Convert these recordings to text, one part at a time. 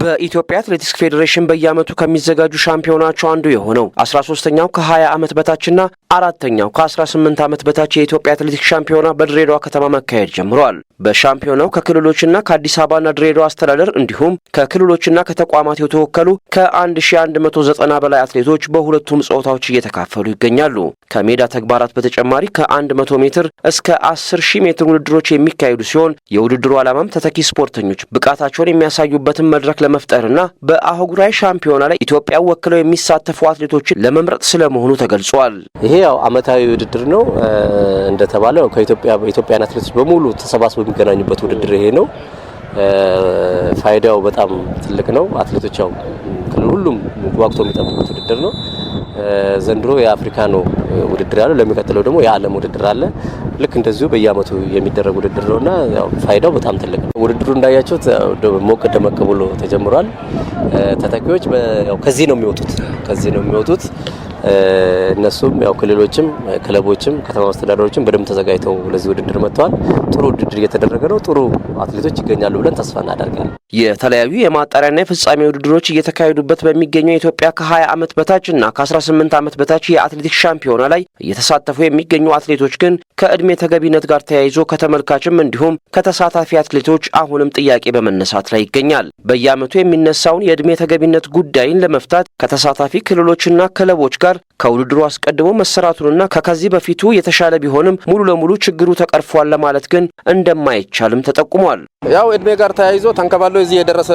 በኢትዮጵያ አትሌቲክስ ፌዴሬሽን በየዓመቱ ከሚዘጋጁ ሻምፒዮናቸው አንዱ የሆነው 13 ሶስተኛው ከ20 ዓመት በታችና አራተኛው ከ18 ዓመት በታች የኢትዮጵያ አትሌቲክስ ሻምፒዮና በድሬዳዋ ከተማ መካሄድ ጀምሯል። በሻምፒዮናው ከክልሎችና ከአዲስ አበባና ድሬዳዋ አስተዳደር እንዲሁም ከክልሎችና ከተቋማት የተወከሉ ከ1190 በላይ አትሌቶች በሁለቱም ጾታዎች እየተካፈሉ ይገኛሉ። ከሜዳ ተግባራት በተጨማሪ ከ100 ሜትር እስከ 10 ሺህ ሜትር ውድድሮች የሚካሄዱ ሲሆን የውድድሩ ዓላማም ተተኪ ስፖርተኞች ብቃታቸውን የሚያሳዩበትን መድረክ ለመፍጠርና በአህጉራዊ ሻምፒዮና ላይ ኢትዮጵያ ወክለው የሚሳተፉ አትሌቶችን ለመምረጥ ስለመሆኑ ተገልጿል። ይሄ ያው አመታዊ ውድድር ነው እንደተባለው ከኢትዮጵያን ኢትዮጵያን አትሌቶች በሙሉ ተሰባስበው የሚገናኙበት ውድድር ይሄ ነው። ፋይዳው በጣም ትልቅ ነው። አትሌቶች ያው ሁሉም ጓጉቶ የሚጠብቁት ውድድር ነው። ዘንድሮ የአፍሪካ ነው ውድድር ያለው፣ ለሚቀጥለው ደግሞ የዓለም ውድድር አለ። ልክ እንደዚሁ በየአመቱ የሚደረግ ውድድር ነው እና ፋይዳው በጣም ትልቅ ነው። ውድድሩ እንዳያቸው ሞቅ ደመቅ ብሎ ተጀምሯል። ተተኪዎች ከዚህ ነው የሚወጡት ከዚህ ነው የሚወጡት እነሱም ያው ክልሎችም ክለቦችም ከተማ አስተዳደሮችም በደንብ ተዘጋጅተው ለዚህ ውድድር መጥተዋል። ጥሩ ውድድር እየተደረገ ነው። ጥሩ አትሌቶች ይገኛሉ ብለን ተስፋ እናደርጋለን። የተለያዩ የማጣሪያና የፍጻሜ ውድድሮች እየተካሄዱበት በሚገኘው የኢትዮጵያ ከ20 ዓመት በታች እና ከ18 ዓመት በታች የአትሌቲክስ ሻምፒዮና ላይ እየተሳተፉ የሚገኙ አትሌቶች ግን ከእድሜ ተገቢነት ጋር ተያይዞ ከተመልካችም እንዲሁም ከተሳታፊ አትሌቶች አሁንም ጥያቄ በመነሳት ላይ ይገኛል። በየዓመቱ የሚነሳውን የእድሜ ተገቢነት ጉዳይን ለመፍታት ከተሳታፊ ክልሎችና ክለቦች ጋር ጋር ከውድድሩ አስቀድሞ መሰራቱንና ከከዚህ በፊቱ የተሻለ ቢሆንም ሙሉ ለሙሉ ችግሩ ተቀርፏል ለማለት ግን እንደማይቻልም ተጠቁሟል። ያው እድሜ ጋር ተያይዞ ተንከባሎ እዚህ የደረሰ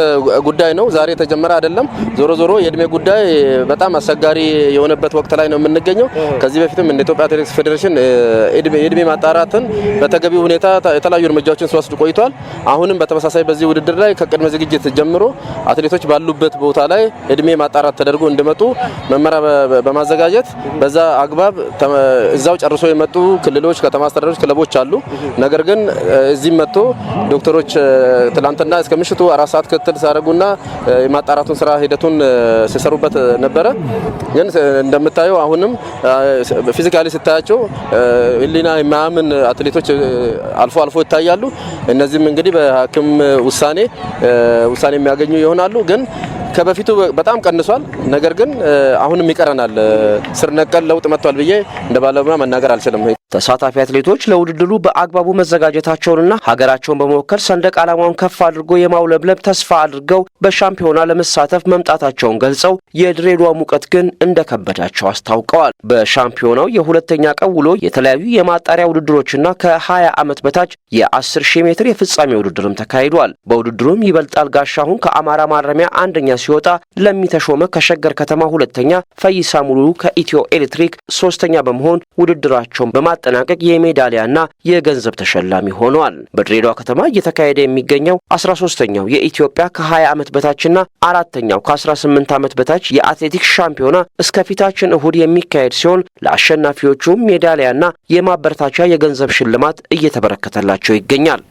ጉዳይ ነው። ዛሬ የተጀመረ አይደለም። ዞሮ ዞሮ የእድሜ ጉዳይ በጣም አስቸጋሪ የሆነበት ወቅት ላይ ነው የምንገኘው። ከዚህ በፊትም እንደ ኢትዮጵያ አትሌቲክስ ፌዴሬሽን የእድሜ ማጣራትን በተገቢ ሁኔታ የተለያዩ እርምጃዎችን ሲወስድ ቆይቷል። አሁንም በተመሳሳይ በዚህ ውድድር ላይ ከቅድመ ዝግጅት ጀምሮ አትሌቶች ባሉበት ቦታ ላይ እድሜ ማጣራት ተደርጎ እንዲመጡ መመሪያ በማዘጋጀት በዛ አግባብ እዛው ጨርሶ የመጡ ክልሎች፣ ከተማ አስተዳደሮች፣ ክለቦች አሉ። ነገር ግን እዚህም መጥቶ ዶክተሮች ትላንትና እስከ ምሽቱ አራት ሰዓት ክትትል ሲያደርጉና የማጣራቱን ስራ ሂደቱን ሲሰሩበት ነበረ። ግን እንደምታየው አሁንም ፊዚካሊ ስታያቸው ህሊና የማያምን አትሌቶች አልፎ አልፎ ይታያሉ። እነዚህም እንግዲህ በሐኪም ውሳኔ ውሳኔ የሚያገኙ ይሆናሉ ግን ከበፊቱ በጣም ቀንሷል። ነገር ግን አሁንም ይቀረናል። ስር ነቀል ለውጥ መጥቷል ብዬ እንደ ባለሙያ መናገር አልችልም። ተሳታፊ አትሌቶች ለውድድሩ በአግባቡ መዘጋጀታቸውንና ሀገራቸውን በመወከል ሰንደቅ ዓላማውን ከፍ አድርጎ የማውለብለብ ተስፋ አድርገው በሻምፒዮና ለመሳተፍ መምጣታቸውን ገልጸው የድሬዳዋ ሙቀት ግን እንደከበዳቸው አስታውቀዋል። በሻምፒዮናው የሁለተኛ ቀን ውሎ የተለያዩ የማጣሪያ ውድድሮችና ከ20 ዓመት በታች የ10 ሺህ ሜትር የፍጻሜ ውድድርም ተካሂዷል። በውድድሩም ይበልጣል ጋሻሁን ከአማራ ማረሚያ አንደኛ ሲወጣ፣ ለሚተሾመ ከሸገር ከተማ ሁለተኛ፣ ፈይሳ ሙሉ ከኢትዮ ኤሌክትሪክ ሶስተኛ በመሆን ውድድራቸውን በማ በማጠናቀቅ የሜዳሊያና የገንዘብ ተሸላሚ ሆኗል። በድሬዳዋ ከተማ እየተካሄደ የሚገኘው 13ተኛው የኢትዮጵያ ከ20 ዓመት በታችና አራተኛው ከ18 ዓመት በታች የአትሌቲክስ ሻምፒዮና እስከ ፊታችን እሁድ የሚካሄድ ሲሆን ለአሸናፊዎቹም ሜዳሊያና የማበረታቻ የገንዘብ ሽልማት እየተበረከተላቸው ይገኛል።